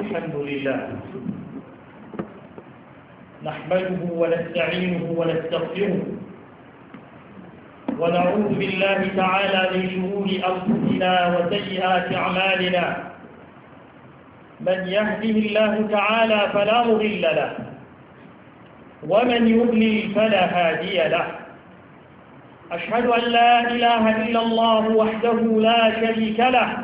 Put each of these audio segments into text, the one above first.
الحمد لله نحمده ونستعينه ونستغفره ونعوذ بالله تعالى من شرور أنفسنا وسيئات أعمالنا من يهده الله تعالى فلا مضل له ومن يضلل فلا هادي له أشهد أن لا إله إلا الله وحده لا شريك له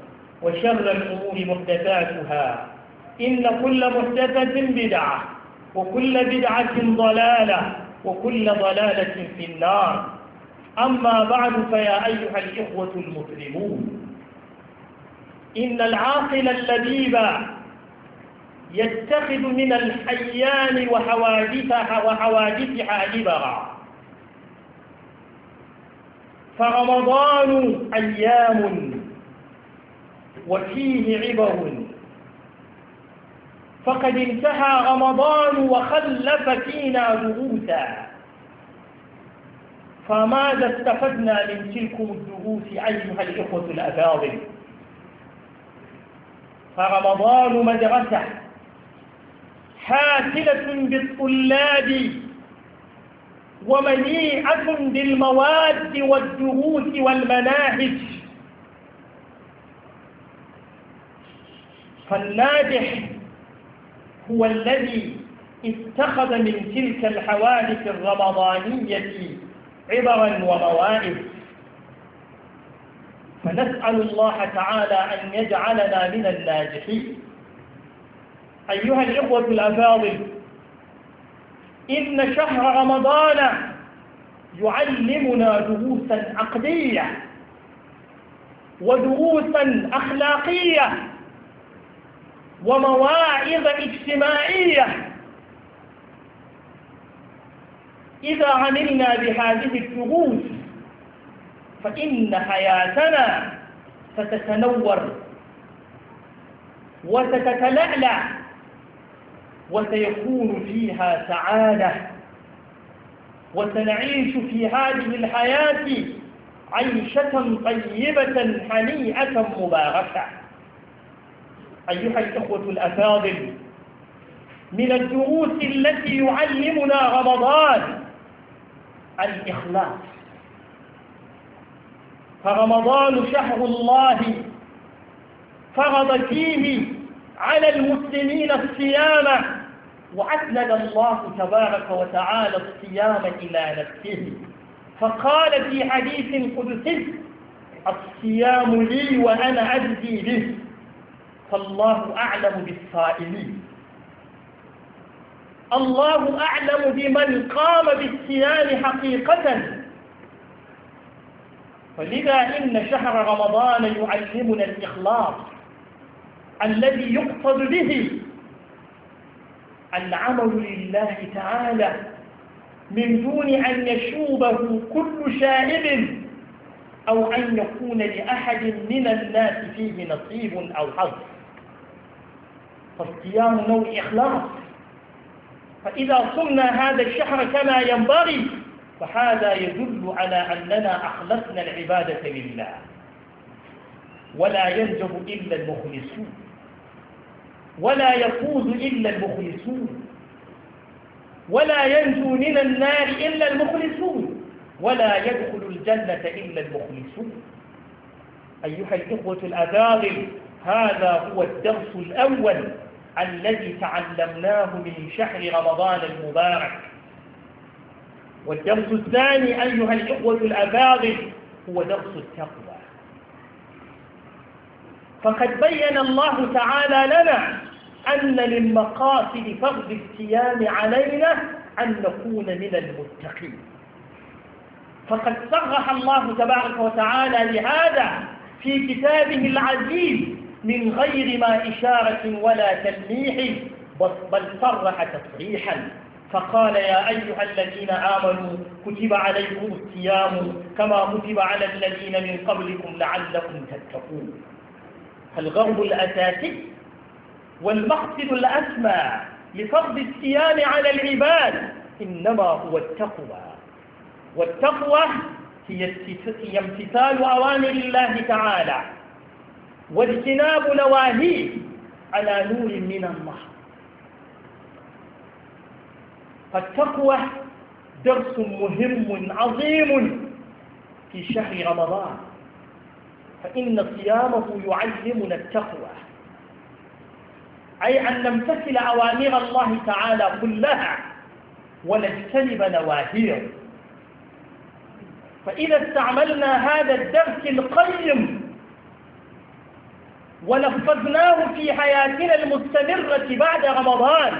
وشر الأمور محدثاتها إن كل محدثة بدعة وكل بدعة ضلالة وكل ضلالة في النار أما بعد فيا أيها الإخوة المسلمون إن العاقل اللبيب يتخذ من الحيان وحوادثها وحوادثها عبرا فرمضان أيام وفيه عبر فقد انتهى رمضان وخلف فينا دروسا فماذا استفدنا من تلكم الدروس أيها الإخوة الأفاضل فرمضان مدرسة حافلة بالطلاب ومليئة بالمواد والدروس والمناهج فالناجح هو الذي اتخذ من تلك الحوادث الرمضانية عبرا وموائد فنسأل الله تعالى أن يجعلنا من الناجحين أيها الإخوة الأفاضل إن شهر رمضان يعلمنا دروسا عقدية ودروسا أخلاقية ومواعظ اجتماعية إذا عملنا بهذه الدروس فإن حياتنا ستتنور وستتلألأ وسيكون فيها سعادة وسنعيش في هذه الحياة عيشة طيبة حنيئة مباركة أيها الإخوة الأفاضل من الدروس التي يعلمنا رمضان الإخلاص فرمضان شهر الله فرض فيه على المسلمين الصيام وأسند الله تبارك وتعالى الصيام إلى نفسه فقال في حديث قدسي الصيام لي وأنا أجزي به فالله أعلم بالصائمين الله أعلم بمن قام بالصيام حقيقة فلذا إن شهر رمضان يعلمنا الإخلاص الذي يقصد به العمل لله تعالى من دون أن يشوبه كل شائب أو أن يكون لأحد من الناس فيه نصيب أو حظ فالصيام نوع إخلاص فإذا صمنا هذا الشهر كما ينبغي فهذا يدل على أننا أخلصنا العبادة لله ولا ينجب إلا المخلصون ولا يفوز إلا المخلصون ولا ينجو من النار إلا المخلصون ولا يدخل الجنة إلا المخلصون أيها الإخوة الأباغل هذا هو الدرس الأول الذي تعلمناه من شهر رمضان المبارك والدرس الثاني أيها الإخوة الأباغل هو درس التقوى فقد بين الله تعالى لنا أن من مقاصد فرض الصيام علينا أن نكون من المتقين فقد صرح الله تبارك وتعالى لهذا في كتابه العزيز من غير ما إشارة ولا تلميح بل صرح تصريحا فقال يا أيها الذين آمنوا كتب عليكم الصيام كما كتب على الذين من قبلكم لعلكم تتقون الغرض الأساسي والمقصد الأسمى لفرض الصيام على العباد إنما هو التقوى والتقوى هي امتثال أوامر الله تعالى واجتناب نواهيه على نور من الله فالتقوى درس مهم عظيم في شهر رمضان فإن صيامه يعلمنا التقوى أي أن نمتثل أوامر الله تعالى كلها ونجتنب نواهيه فإذا استعملنا هذا الدرس القيم ولفظناه في حياتنا المستمرة بعد رمضان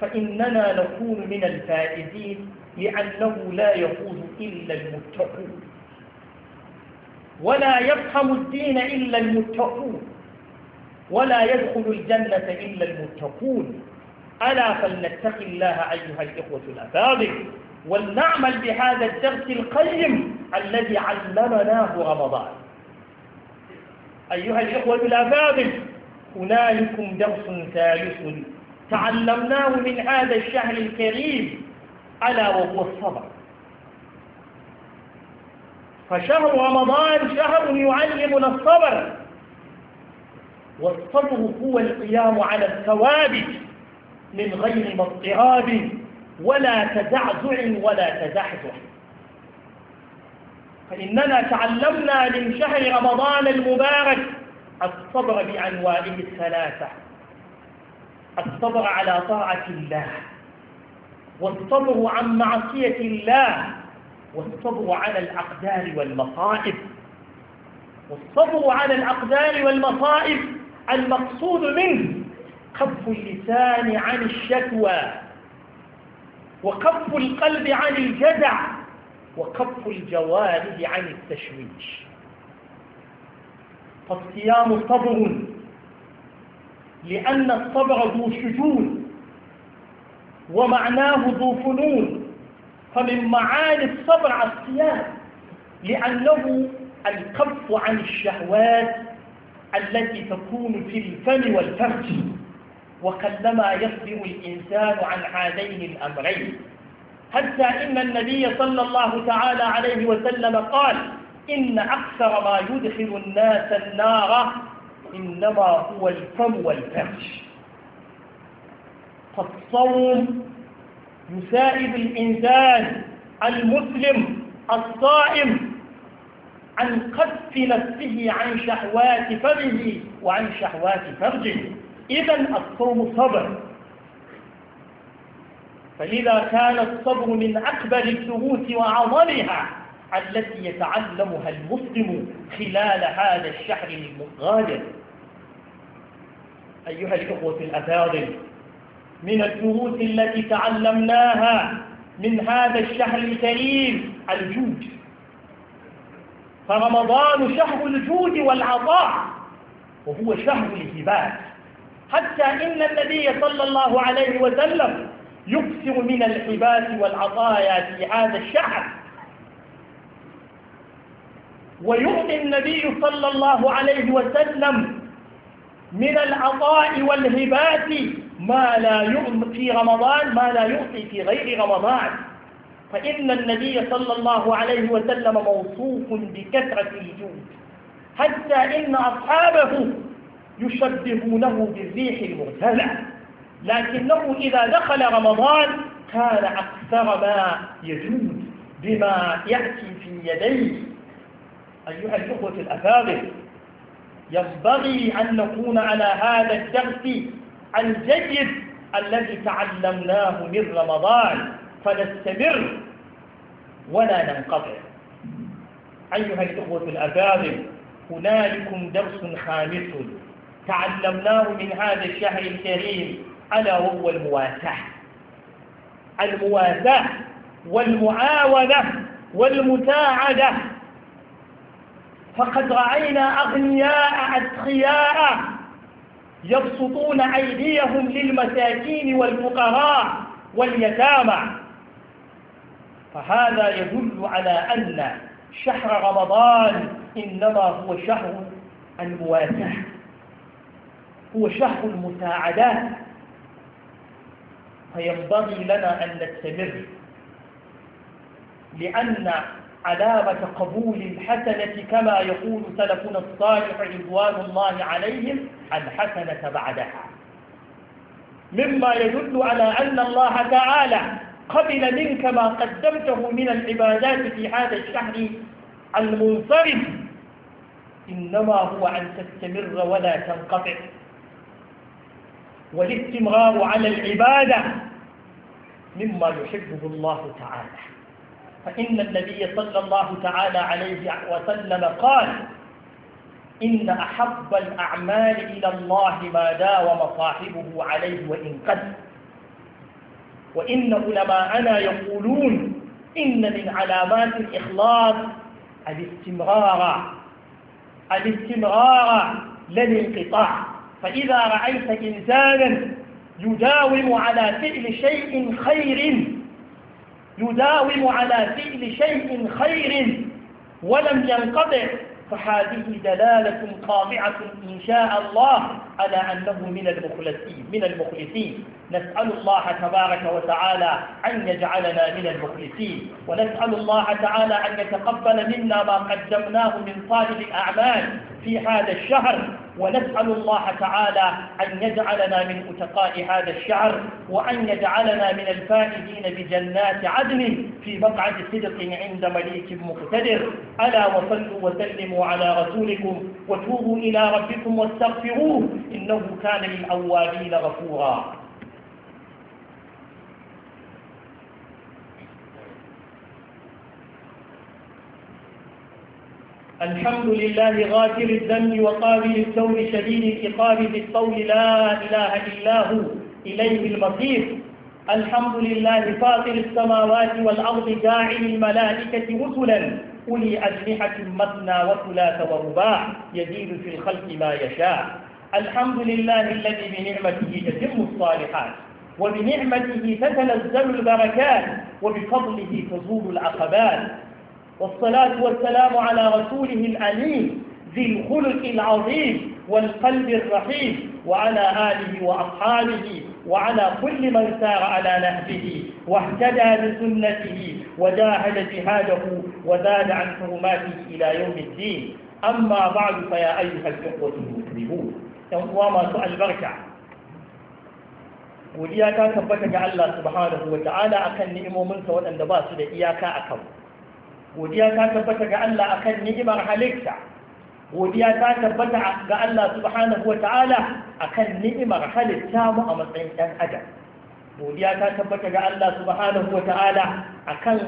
فإننا نكون من الفائزين لأنه لا يفوز إلا المتقون ولا يفهم الدين إلا المتقون ولا يدخل الجنة إلا المتقون ألا فلنتق الله أيها الإخوة الأفاضل ولنعمل بهذا الدرس القيم الذي علمناه رمضان أيها الإخوة الأفاضل هنالكم درس ثالث تعلمناه من هذا الشهر الكريم ألا وهو الصبر فشهر رمضان شهر يعلمنا الصبر والصبر هو القيام على الثوابت من غير مضطراب ولا تزعزع ولا تزحزح فإننا تعلمنا من شهر رمضان المبارك الصبر بأنواعه الثلاثة الصبر على طاعة الله والصبر عن معصية الله والصبر على الأقدار والمصائب والصبر على الأقدار والمصائب المقصود منه كف اللسان عن الشكوى وكف القلب عن الجزع وكف الجوارح عن التشويش فالصيام صبر لأن الصبر ذو شجون ومعناه ذو فنون فمن معاني الصبر على الصيام لأنه الكف عن الشهوات التي تكون في الفم والفرج وكلما يصبر الإنسان عن هذين الأمرين حتى إن النبي صلى الله تعالى عليه وسلم قال إن أكثر ما يدخل الناس النار إنما هو الفم والفرش فالصوم يساعد الإنسان المسلم الصائم عن قذف نفسه عن شهوات فمه وعن شهوات فرجه إذا الصوم صبر فلذا كان الصبر من أكبر الدروس وعظمها التي يتعلمها المسلم خلال هذا الشهر المغادر أيها الإخوة الأفاضل من الدروس التي تعلمناها من هذا الشهر الكريم الجود فرمضان شهر الجود والعطاء وهو شهر الهبات حتى إن النبي صلى الله عليه وسلم يكثر من الحبات والعطايا في هذا الشهر ويعطي النبي صلى الله عليه وسلم من العطاء والهبات ما لا يعطي في رمضان ما لا يعطي في غير رمضان فإن النبي صلى الله عليه وسلم موصوف بكثرة الجود حتى إن أصحابه يشبهونه بالريح المرسلة لكنه إذا دخل رمضان كان أكثر ما يجود بما يأتي في يديه أيها الأخوة الأفاضل ينبغي أن نكون على هذا الدرس الجيد الذي تعلمناه من رمضان فنستمر ولا ننقطع أيها الأخوة الأفاضل هنالكم درس خامس تعلمناه من هذا الشهر الكريم ألا وهو المواساة المواساة والمعاونة والمساعدة فقد رأينا أغنياء أتقياء يبسطون أيديهم للمساكين والفقراء واليتامى فهذا يدل على أن شهر رمضان إنما هو شهر المواساة هو شهر المساعدات فينبغي لنا أن نستمر لأن علامة قبول الحسنة كما يقول سلفنا الصالح رضوان الله عليهم الحسنة بعدها مما يدل على أن الله تعالى قبل منك ما قدمته من العبادات في هذا الشهر المنصرف إنما هو أن تستمر ولا تنقطع والاستمرار على العبادة مما يحبه الله تعالى فإن النبي صلى الله تعالى عليه وسلم قال إن أحب الأعمال إلى الله ما داوم صاحبه عليه وإن قد وإن علماءنا يقولون إن من علامات الإخلاص الاستمرار الاستمرار لا الانقطاع فإذا رأيت إنسانا يداوم على فعل شيء خير يداوم على فعل شيء خير ولم ينقطع فهذه دلالة قاطعة إن شاء الله على أنه من المخلصين من المخلصين نسأل الله تبارك وتعالى أن يجعلنا من المخلصين ونسأل الله تعالى أن يتقبل منا ما قدمناه من صالح الأعمال في هذا الشهر ونسأل الله تعالى أن يجعلنا من أتقاء هذا الشعر وأن يجعلنا من الفائزين بجنات عدن في بقعة صدق عند مليك مقتدر ألا وصلوا وسلموا على رسولكم وتوبوا إلى ربكم واستغفروه إنه كان للأوابين غفورا الحمد لله غافر الذنب وقابل التوب شديد الإقامة ذي لا إله إلا هو إليه المصير الحمد لله فاطر السماوات والأرض جاعل الملائكة رسلا أولي أجنحة مثنى وثلاث ورباع يزيد في الخلق ما يشاء الحمد لله الذي بنعمته تتم الصالحات وبنعمته تتنزل البركات وبفضله تزول العقبات والصلاة والسلام على رسوله الأليم ذي الخلق العظيم والقلب الرحيم وعلى آله وأصحابه وعلى كل من سار على نهجه واهتدى بسنته وجاهد جهاده وزاد عن حرماته إلى يوم الدين أما بعد فيا أيها الإخوة المسلمون ينقوى سؤال بركة ولياكا تبتك الله سبحانه وتعالى أكن نئم منك وأن دباس لإياك أكبر godiya ta tabbata ga Allah akan ni'imar halitta godiya ta tabbata ga Allah subhanahu wa akan ni'imar halitta mu a matsayin ɗan adam godiya ta tabbata ga Allah subhanahu wa akan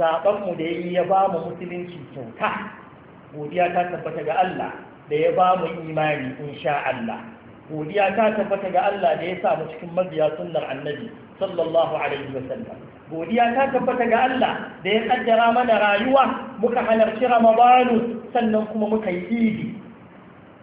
zaɓen mu da yayi ya ba mu musulunci kyauta godiya ta tabbata ga Allah da ya ba mu imani insha Allah godiya ta tabbata ga Allah da ya sa mu cikin mabiya sunnar annabi sallallahu alaihi wa sallam godiya ta tabbata ga Allah da ya kaddara mana rayuwa muka halarci ramadanu sannan kuma muka yi idi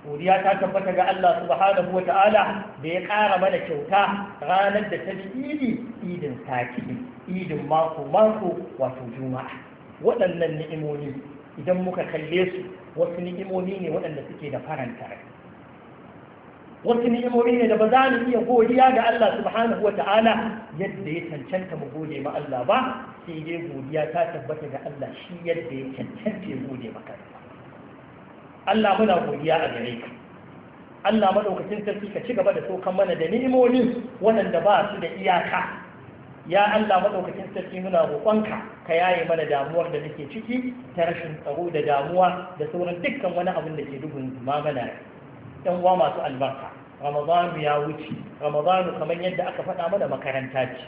godiya ta tabbata ga Allah subhanahu wata'ala da ya ƙara mana kyauta ranar da ta bi idi idin sati idin mako mako wato juma'a waɗannan ni'imomi idan muka kalle su wasu ni'imomi ne waɗanda suke da faranta rai wasu ni'imomi ne da ba za mu iya godiya ga Allah subhanahu wata'ala yadda ya cancanta mu gode ma Allah ba sai dai godiya ta tabbata ga Allah shi yadda ya cancanta ya gode maka Allah muna godiya a gare ka Allah madaukakin sarki ka ci gaba da sokan mana da ni'imomi waɗanda ba su da iyaka ya Allah madaukakin sarki muna roƙonka ka yaye mana damuwar da nake ciki ta rashin tsaro da damuwa da sauran dukkan wani abin da ke dubun mamana yan uwa masu albarka ramadanu ya wuce ramadanu kamar yadda aka faɗa mana makaranta ce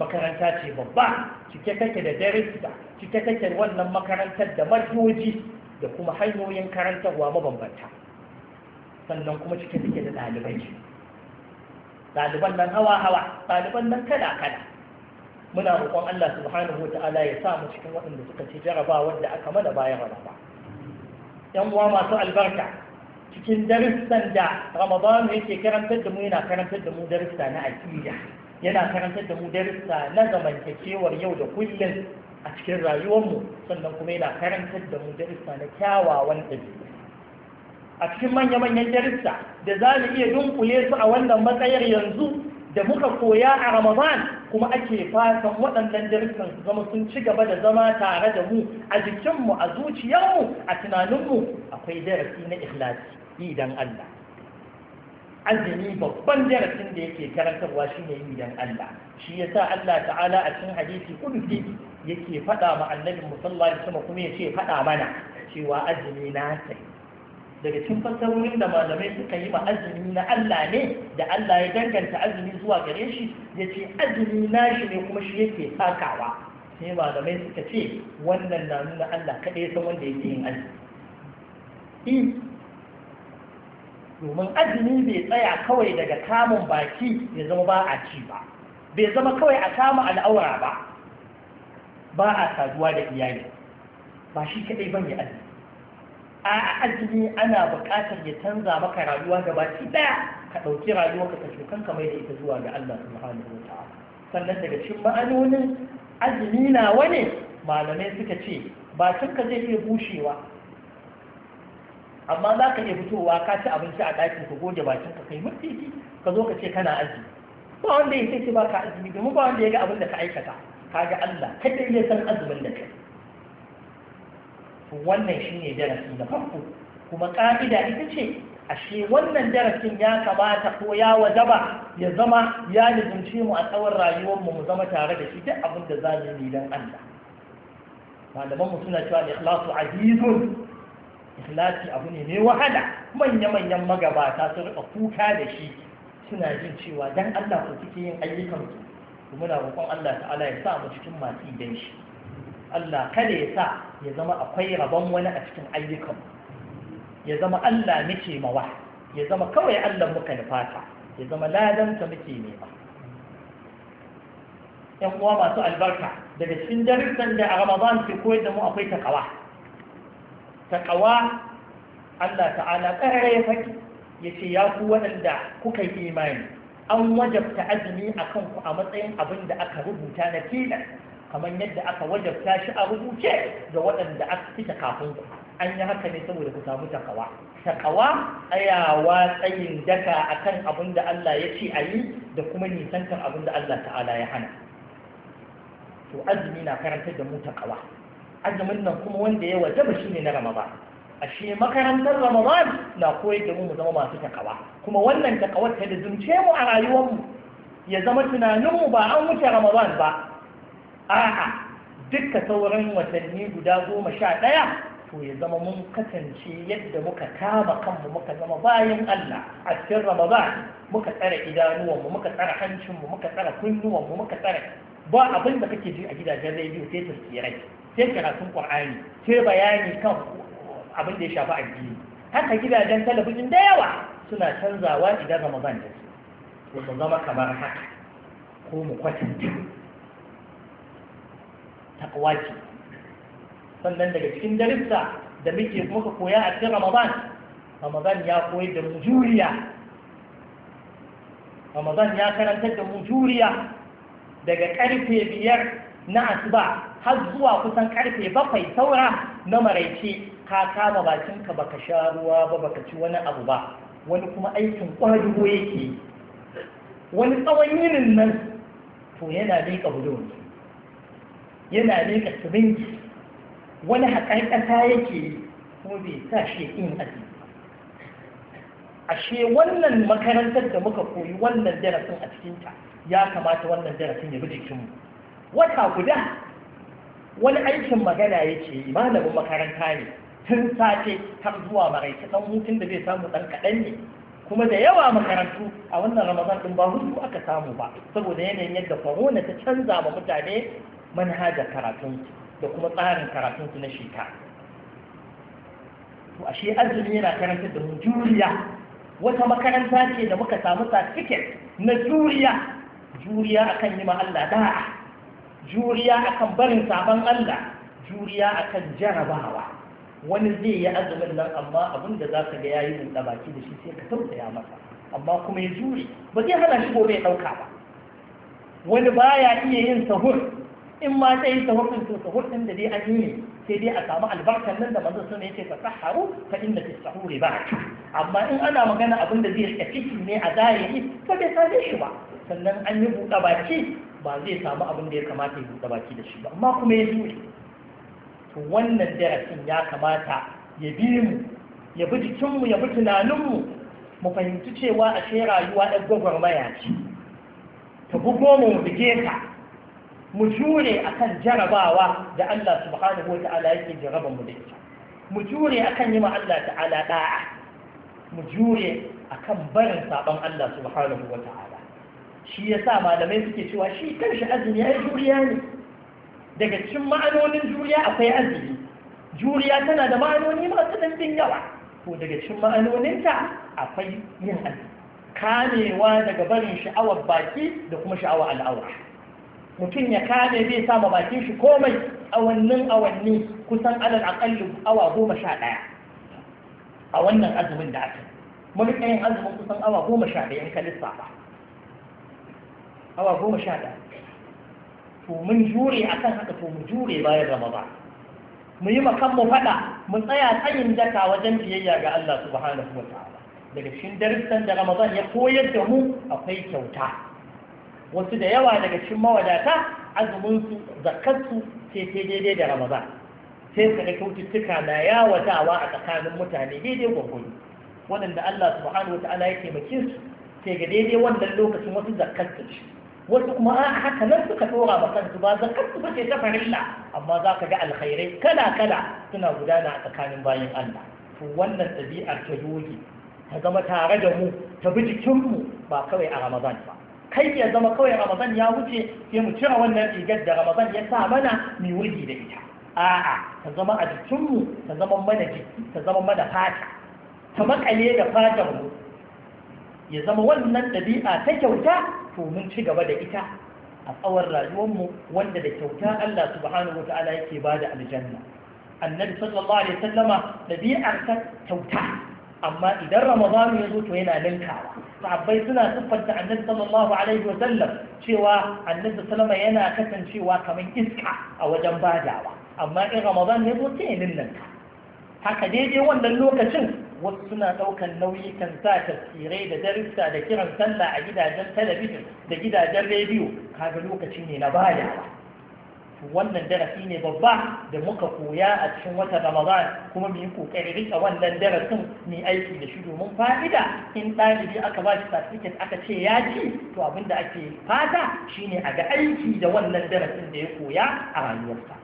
makaranta ce babba cike kake da darista cike kake wannan makarantar da majoji da kuma hanyoyin karantarwa mabambanta sannan kuma cike take da ɗalibai ɗaliban nan hawa hawa ɗaliban nan kala kala muna roƙon Allah subhanahu wata'ala ya sa mu cikin waɗanda suka ce jarabawar da aka mana bayan raba yan uwa masu albarka cikin darussan da Ramadan yake karantar da mu yana karantar da mu darussa na aqida yana karantar da mu darussa na zamantakewar yau da kullum a cikin rayuwar mu sannan kuma yana karantar da mu darussa na kyawawan ɗabi'u a cikin manya-manyan darussa da za mu iya dunkule su a wannan matsayar yanzu da muka koya a Ramadan kuma ake fatan waɗannan darussan su zama sun ci gaba da zama tare da mu a jikinmu a zuciyarmu a tunaninmu akwai darasi na ikhlasi idan Allah azumi babban darasin da yake karantarwa shine yi dan Allah shi ya sa Allah ta'ala a cikin hadisi kudusi yake faɗa ma annabin musallallahu ma kuma kuma ce faɗa mana cewa azumi na sai daga cikin fasarorin da malamai suka yi ma azumi na Allah ne da Allah ya danganta azumi zuwa gare shi yace azumi na shi ne kuma shi yake takawa sai malamai suka ce wannan na nuna Allah kaɗai san wanda yake yin azumi domin azumi bai tsaya kawai daga kamun baki ya zama ba a ci ba bai zama kawai a kama al'aura ba ba a saduwa da iyali ba shi kadai ban ya azumi a azumi ana buƙatar ya canza maka rayuwa da baki daya ka ɗauki rayuwa ka kashe kan kamar da ita zuwa ga Allah subhanahu wa ta'ala sannan daga cikin ma'anonin azumi na wani malamai suka ce ba ka zai iya bushewa amma za ka iya fitowa ka ci abinci a ɗakin ka goge bakin ka kai murtiki ka zo ka ce kana azumi ba wanda ya ce ba ka azumi domin ba wanda ya ga abin da ka aikata ka ga Allah kada ya san azumin da kai wannan shine darasi na farko kuma ƙa'ida ita ce ashe wannan darasin ya kamata ko ya wajaba ya zama ya lizince mu a tsawon rayuwar mu mu zama tare da shi duk abin da za mu yi don Allah malaman mu suna cewa ikhlasu azizun ikhlasi abu ne mai wahala manya-manyan magabata sun rika kuka da shi suna jin cewa dan Allah ku kike yin ayyukan ku kuma na roƙon Allah ta'ala ya sa mu cikin masu idan shi Allah kada ya sa ya zama akwai rabon wani a cikin ayyukan ya zama Allah muke mawa ya zama kawai Allah muka nufata ya zama ladanta muke nema yan uwa masu albarka daga cikin darussan da a Ramadan ke koyar da mu akwai takawa Taƙawa Allah ta'ala karare ya faɗi ya fi waɗanda kuka yi imani an wajabta azumi akan ku a matsayin abin da aka rubuta na tilas kamar yadda aka wajabta shi a rubuce ga waɗanda aka fita kafin ku an yi haka ne saboda ku samu taƙawa. takawa tsayawa tsayin daka akan abin da Allah ya ce a yi da kuma nisantar abin da Allah ta'ala ya hana to azumi na karantar da mu takawa azumin nan kuma wanda ya wajaba shi ne na ramadan ashe makarantar ramadan na koyar da mu mu zama masu takawa kuma wannan takawar ta zumce mu a rayuwarmu ya zama tunaninmu ba an wuce ramadan ba a'a dukka sauran watanni guda goma sha ɗaya to ya zama mun kasance yadda muka kama kanmu muka zama bayan Allah a cikin ramadan muka tsara idanuwanmu muka tsara hancinmu muka tsara kunnuwanmu muka tsara ba abin da kake ji a gidajen rediyo sai tasirai sai karatun qur'ani sai bayani kan abin da ya shafi addini haka gidajen talabijin da yawa suna canzawa idan ramadan ya zo su zama kamar haka ko mu kwatanta takwa ce sannan daga cikin darissa da muke muka koya a cikin ramadan ramadan ya koyar da mu juriya ramadan ya karantar da mu juriya daga karfe biyar na asuba har zuwa kusan karfe bakwai saura na maraice ka kama bakinka baka sha ruwa ba baka ci wani abu ba wani kuma aikin ƙwarigo yake wani tsawon yinin nan to yana leƙa budon yana leƙa sirinki wani haƙar ƙasa yake kuma bai sa shi in aji ashe wannan makarantar da muka koyi wannan darasin a cikinta ya kamata wannan darasin ya bi jikinmu wata guda wani aikin magana yake yi malamin makaranta ne tun sace har zuwa maraice dan hutun da zai samu dan kaɗan ne kuma da yawa makarantu a wannan ramadan din ba hutu aka samu ba saboda yanayin yadda corona ta canza ma mutane manhajar karatun da kuma tsarin karatun su na shika to ashe azumi yana karantar da mu juriya wata makaranta ce da muka samu certificate na juriya juriya akan yi ma Allah da'a juriya akan barin saban Allah juriya akan jarabawa wani zai yi azumin nan amma abin da za ka ga yayi yi da baki da shi sai ka tausaya masa amma kuma ya juri ba zai hana shi gobe ya ba wani baya iya yin sahur in ma sai sahur din to sahur din da dai an yi sai dai a samu albarkar nan da manzo ya yace fasaharu, fa inna fi sahuri ba. amma in ana magana abin da zai rika ciki ne a zahiri to bai same shi ba sannan an yi buɗa baki ba zai samu abin da ya kamata ya buɗa baki da shi ba amma kuma ya jure to wannan darasin ya kamata ya bi mu ya bi jikinmu ya bi tunaninmu mu fahimci cewa ashe rayuwa ɗan gwagwarmaya ce ta bugo mu mu bige ka mu jure akan jarabawa da Allah subhanahu wata'ala yake jaraban mu da ita mu jure akan yi ma Allah ta'ala da'a mu jure akan barin saban Allah subhanahu wata'ala shi yasa malamai suke cewa shi kanshi azumi ai juriya ne daga cikin ma'anonin juriya akwai azumi juriya tana da ma'anoni masu ɗanɗin yawa ko daga cikin ma'anoninta akwai yin azumi kamewa daga barin sha'awar baki da kuma sha'awar al'aura mutum ya kame bai sa ma bakin shi komai awannin awanni kusan alal aƙalli awa goma sha ɗaya a wannan azumin da aka mun yin azumin kusan awa goma sha ɗaya in ka ba, awa goma sha ɗaya to mun jure akan haka to mu jure bayan ramadan mu yi makan mu faɗa mu tsaya tsayin daka wajen biyayya ga Allah subhanahu wa ta'ala daga cikin darussan da ramadan ya koyar da mu akwai kyauta wasu da yawa daga cikin mawadata azuminsu zakkarsu sai sai daidai da ramadan sai su ga kyaututtuka na yawatawa a tsakanin mutane daidai gwagwani waɗanda Allah subhanahu wata'ala ya taimake su sai ga daidai wannan lokacin wasu zakarsu ce wasu kuma a haka nan suka ɗora ma kansu ba zakarsu ba ce ta farilla amma za ka ga alkhairai kala kala suna gudana a tsakanin bayan Allah to wannan ɗabi'ar ta yoge ta zama tare da mu ta bi jikinmu ba kawai a ramadan ba kai ya zama kawai ramadan ya wuce sai mu cire wannan rigar da ramadan ya sa mana mu wurgi da ita a'a ta zama a jikinmu ta zama mana jiki ta zama mana fata ta makale da fatar mu ya zama wannan ɗabi'a ta kyauta to mun ci gaba da ita a tsawon rayuwarmu wanda da kyauta Allah subhanahu wa ta'ala yake ba da aljanna annabi sallallahu alaihi wasallama ɗabi'ar ta kyauta amma idan ramadanu ya zo to yana ninkawa sahabbai suna siffanta annabi sallallahu alaihi wa sallam cewa annabi sallama yana kasancewa kamar iska a wajen badawa amma in ramadan ya zo sai ya ninninka haka daidai wannan lokacin wasu suna ɗaukar nauyi kan sa tafsirai da darussa da kiran sallah a gidajen talabijin da gidajen rediyo kaga lokaci ne na badawa wannan darasi ne babba da muka koya a cikin wata ramadan kuma mu yi kokari rika wannan darasin mu aiki da shi domin fa'ida in ɗalibi aka ba shi certificate aka ce ya ji to abin da ake fata shine a ga aiki da wannan darasin da ya koya a rayuwarsa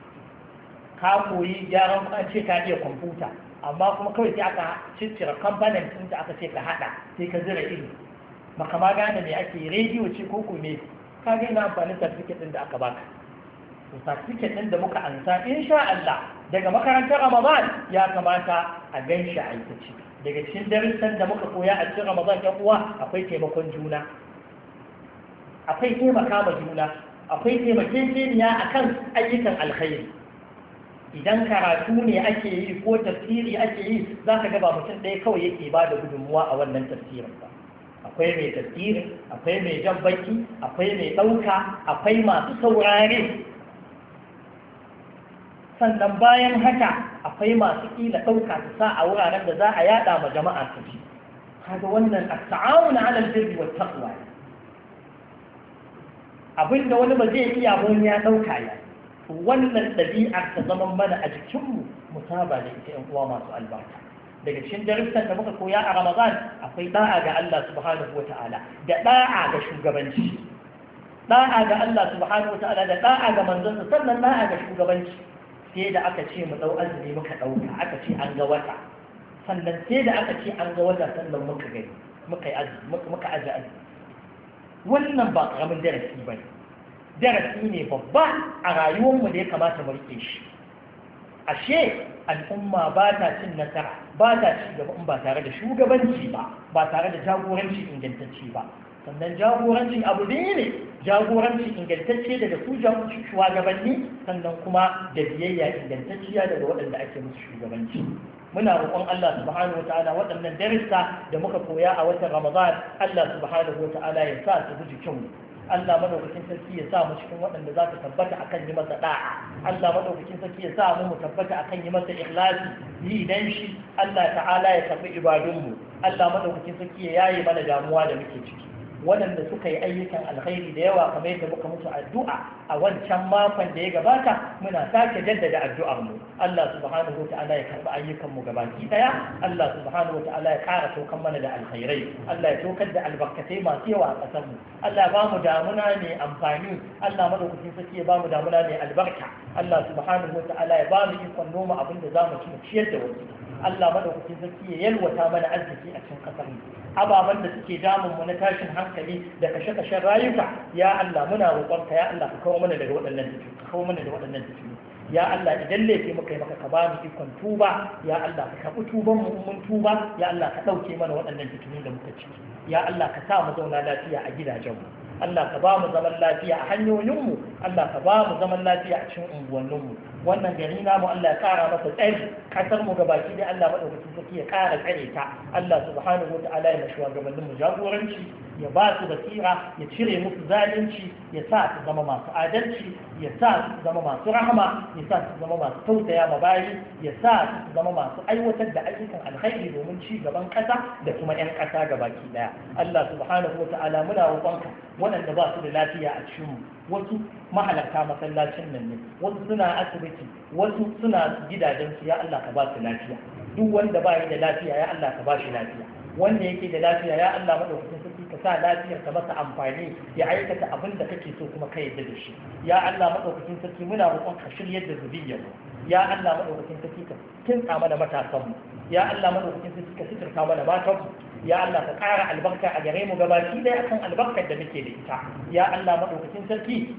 ka koyi gyaran ce ka iya kwamfuta amma kuma kawai sai aka cicira kamfanin sun da aka ce ka haɗa sai ka zira ido baka ma gane me ake rediyo ce ko ko me ka gina ina amfani certificate ɗin da aka baka to ɗin da muka ansa insha Allah daga makarantar Ramadan ya kamata a gan shi aikaci daga cikin darussan da muka koya a cikin Ramadan ya uwa akwai taimakon juna akwai taimaka ma juna akwai a kan ayyukan alkhairi idan karatu ne ake yi ko tafsiri ake yi za ka gaba mutum ɗaya kawai yake ba da gudunmuwa a wannan tafsirin ba akwai mai tafsirin akwai mai jan baki akwai mai ɗauka akwai masu saurare sannan bayan haka akwai masu ƙila ɗauka su sa a wuraren da za a yaɗa ma jama'a su ji kaga wannan at-ta'awun 'ala al-birri wat taqwa abinda wani ba zai iya mun ya ɗauka ya wannan ɗabi'ar ta zama mana a jikinmu mu saba da ita 'yan uwa masu albarka daga cikin darussan da muka koya a Ramadan akwai da'a ga Allah subhanahu wa da da'a ga shugabanci da'a ga Allah subhanahu wa da da'a ga manzon sannan da'a ga shugabanci sai da aka ce mu ɗau azumi muka ɗauka aka ce an ga wata sannan sai da aka ce an ga wata sannan muka gani muka aji azumi wannan ba ƙaramin darasi ba ne darasi ne babba a rayuwarmu da ya kamata mu riƙe shi ashe al'umma ba ta cin nasara ba ta ci gaba ba tare da shugabanci ba ba tare da jagoranci ingantacce ba sannan jagorancin abu ne ne jagoranci ingantacce daga su shugabanni sannan kuma da biyayya ingantacciya daga waɗanda ake musu shugabanci muna roƙon Allah subhanahu wataala waɗannan darussa da muka koya a watan Ramadan Allah subhanahu wataala ya sa su guji kyau Allah madaukakin sarki ya sa mu cikin waɗanda za su tabbata akan yi masa da'a Allah madaukakin sarki ya sa mu mu tabbata akan yi masa ikhlasi yi dan shi Allah ta'ala ya tafi ibadunmu Allah madaukakin sarki ya yaye mana damuwa da muke ciki waɗanda suka yi ayyukan alkhairi da yawa kamar yadda muka musu addu'a a wancan makon da ya gabata muna sake jaddada addu'ar mu Allah subhanahu ta'ala ya karɓi ayyukan mu gabaki daya Allah subhanahu ta'ala ya ƙara tokan mana da alkhairai Allah ya tokar da albarkatai masu yawa a ƙasar mu Allah ya mu damuna mai amfani Allah madaukakin sarki ya bamu damuna mai albarka Allah subhanahu ta'ala ya bamu ikon noma abin da zamu ci mu ciyar da wasu Allah madaukakin sarki ya yalwata mana arziki a cikin kasar ababen da suke damun mu na tashin hankali da kashe kashen rayuka ya Allah muna roƙonka ya Allah ka kawo mana daga waɗannan ka kawo mana da waɗannan fitinu ya Allah idan laifi muka yi maka ka ba mu ikon tuba ya Allah ka kafi tuban mu mun tuba ya Allah ka ɗauke mana waɗannan fitinu da muka ciki ya Allah ka sa mu zauna lafiya a gidajenmu Allah ka ba mu zaman lafiya a hanyoyinmu Allah ka ba mu zaman lafiya a cikin unguwanninmu wannan gari na mu Allah ya kara masa tsari kasar mu gabaki da Allah madaukakin sarki ya kara tsare ta Allah subhanahu wataala ya mashuwa gabanin mu jagoranci ya ba su basira ya cire musu zalunci ya sa su zama masu adalci ya sa su zama masu rahama ya sa su zama masu tausaya ma bayi ya sa su zama masu aiwatar da ayyukan alkhairi domin ci gaban kasa da kuma yan kasa gabaki daya Allah subhanahu wataala muna roƙonka waɗanda ba su da lafiya a cikin mu wasu mahalarta masallacin nan ne wasu suna asibiti wasu suna gidajensu ya Allah ka ba su lafiya duk wanda ba da lafiya ya Allah ka ba shi lafiya wanda yake da lafiya ya Allah madaukakin sarki ka sa lafiyar ka masa amfani ya aikata abin da kake so kuma ka yarda da shi ya Allah madaukakin sarki muna roƙon ka shiryar da zuriyar ya Allah madaukakin sarki ka kinsa mana matasan mu ya Allah madaukakin sarki ka sitirta mana matan mu ya Allah ka ƙara albarka a gare mu gabaki ɗaya kan albarkar da muke da ita ya Allah maɗaukacin sarki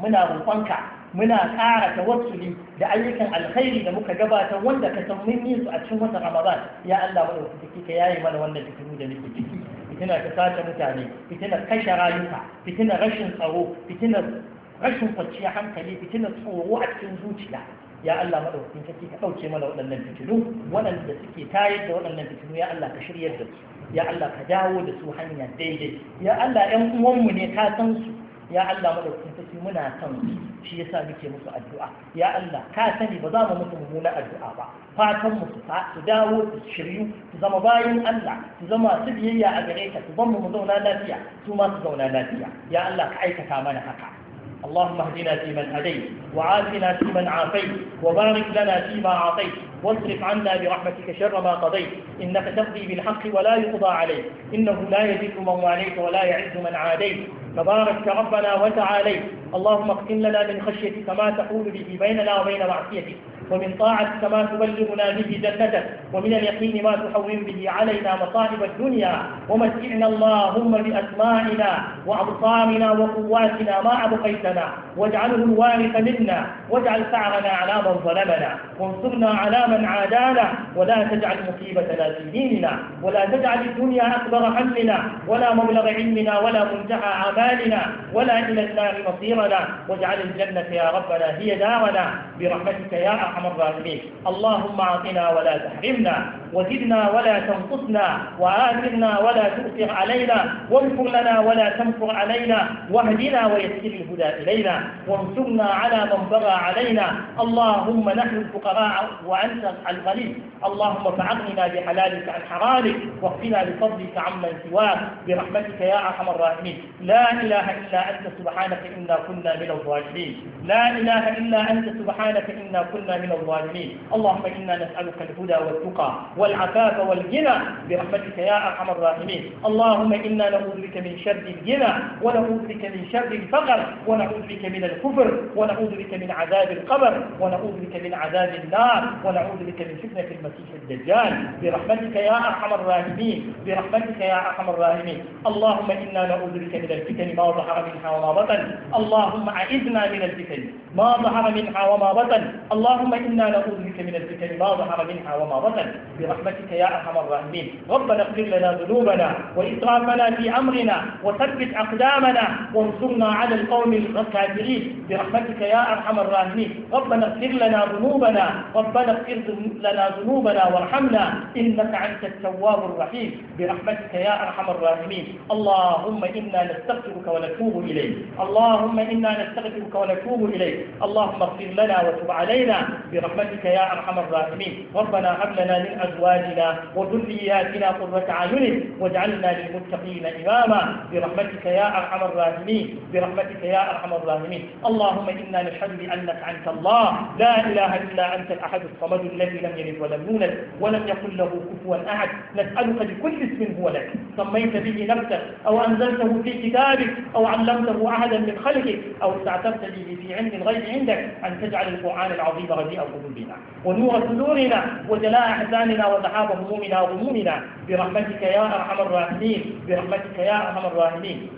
muna roƙonka muna ƙara tawassuli da ayyukan alkhairi da muka gabatar wanda ka san mun yi su a cikin watan Ramadan ya Allah maɗaukacin sarki ka yaye mana wannan fitinu da muke ciki fitinar ka sace mutane fitinar kashe rayuka fitinar rashin tsaro fitinar rashin kwanciyar hankali fitinar tsoro a cikin zuciya ya Allah madaukakin sarki ka ɗauke mana waɗannan fitilu waɗanda suke tayar da waɗannan fitilu ya Allah ka shiryar da su ya Allah ka dawo da su hanya daidai ya Allah ƴan uwanmu ne ka san su ya Allah madaukakin sarki muna san su shi yasa muke musu addu'a ya Allah ka sani ba za mu musu mummuna addu'a ba fatan mu su dawo su shiryu su zama bayan Allah su zama su biyayya a gare ka su ban mu zauna lafiya su ma su zauna lafiya ya Allah ka aikata mana haka اللهم اهدنا فيمن هديت وعافنا فيمن عافيت وبارك لنا فيما اعطيت واصرف عنا برحمتك شر ما قضيت انك تقضي بالحق ولا يقضى عليك انه لا يذل من واليت ولا يعز من عاديت تبارك ربنا وتعاليت اللهم اقسم لنا من خشيتك ما تقول به بيننا وبين معصيتك ومن طاعتك ما تبلغنا به جنتك ومن اليقين ما تحول به علينا مصائب الدنيا ومتعنا اللهم بأسمائنا وأبصارنا وقواتنا ما أبقيتنا واجعله الوارث منا واجعل ثأرنا على من ظلمنا وانصرنا على من عادانا ولا تجعل مصيبتنا في ديننا ولا تجعل الدنيا أكبر همنا ولا مبلغ علمنا ولا منتهى آمالنا ولا إلى النار مصيرنا واجعل الجنة يا ربنا هي دارنا برحمتك يا أرحم أرحم الراحمين اللهم أعطنا ولا تحرمنا وزدنا ولا تنقصنا وآثرنا ولا تؤثر علينا وانفر لنا ولا تنفر علينا واهدنا ويسر الهدى إلينا وانصرنا على من بغى علينا اللهم نحن الفقراء وأنت الغني اللهم فعقنا بحلالك عن حرامك واقفنا بفضلك عمن سواك برحمتك يا أرحم الراحمين لا إله إلا أنت سبحانك إنا كنا من الظالمين لا إله إلا أنت سبحانك إنا كنا من من الظالمين اللهم إنا نسألك الهدى والتقى والعفاف والغنى برحمتك يا أرحم الراحمين اللهم إنا نعوذ بك من شر الغنى ونعوذ بك من شر الفقر ونعوذ بك من الكفر ونعوذ بك من عذاب القبر ونعوذ بك من عذاب النار ونعوذ بك من فتنة المسيح الدجال برحمتك يا أرحم الراحمين برحمتك يا أرحم الراحمين اللهم إنا نعوذ بك من الفتن ما ظهر منها وما بطن اللهم أعذنا من الفتن ما ظهر منها وما بطن اللهم إنا نعوذ بك من الفتن ما ظهر منها وما بطن برحمتك يا أرحم الراحمين ربنا اغفر لنا ذنوبنا وإسرافنا في أمرنا وثبت أقدامنا وانصرنا على القوم الكافرين برحمتك يا أرحم الراحمين ربنا اغفر لنا ذنوبنا ربنا اغفر لنا ذنوبنا وارحمنا إنك أنت التواب الرحيم برحمتك يا أرحم الراحمين اللهم إنا نستغفرك ونتوب إليك اللهم إنا نستغفرك ونتوب إليك اللهم اغفر لنا وتب علينا برحمتك يا أرحم الراحمين ربنا هب لنا من أزواجنا وذرياتنا قرة أعين واجعلنا للمتقين إماما برحمتك يا أرحم الراحمين برحمتك يا أرحم الراحمين اللهم إنا نشهد بأنك أنت الله لا إله إلا أنت الأحد الصمد الذي لم يلد ولم يولد ولم يكن له كفوا أحد نسألك بكل اسم هو لك سميت به نفسك أو أنزلته في كتابك أو علمته أحدا من خلقك أو استعترت به في علم الغيب عندك أن تجعل القرآن العظيم غدير أو قلوبنا ونور صدورنا وجلاء أحزاننا وذهاب همومنا وغمومنا برحمتك يا أرحم الراحمين برحمتك يا أرحم الراحمين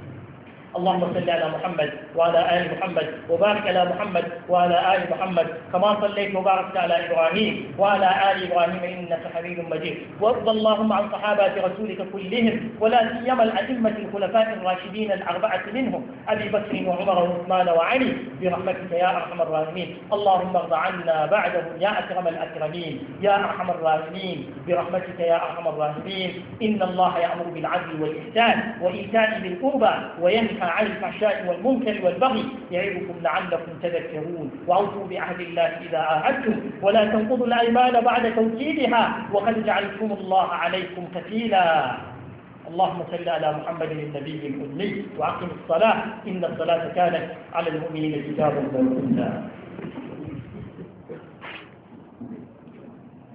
اللهم صل على محمد وعلى آل محمد وبارك على محمد وعلى آل محمد كما صليت وباركت على إبراهيم وعلى آل إبراهيم إنك حميد مجيد وارض اللهم عن صحابة رسولك كلهم ولا سيما الأئمة الخلفاء الراشدين الأربعة منهم أبي بكر وعمر وعثمان وعلي برحمتك يا أرحم الراحمين اللهم ارض عنا بعدهم يا أكرم الأكرمين يا أرحم الراحمين برحمتك يا أرحم الراحمين إن الله يأمر بالعدل والإحسان وإيتاء ذي القربى وينهى عن الفحشاء والمنكر والبغي يعظكم لعلكم تذكرون وأوفوا بعهد الله إذا عاهدتم ولا تنقضوا الأيمان بعد توكيدها وقد جعلتم الله عليكم كفيلا اللهم صل على محمد النبي الأمي وأقم الصلاة إن الصلاة كانت على المؤمنين كتابا موقوتا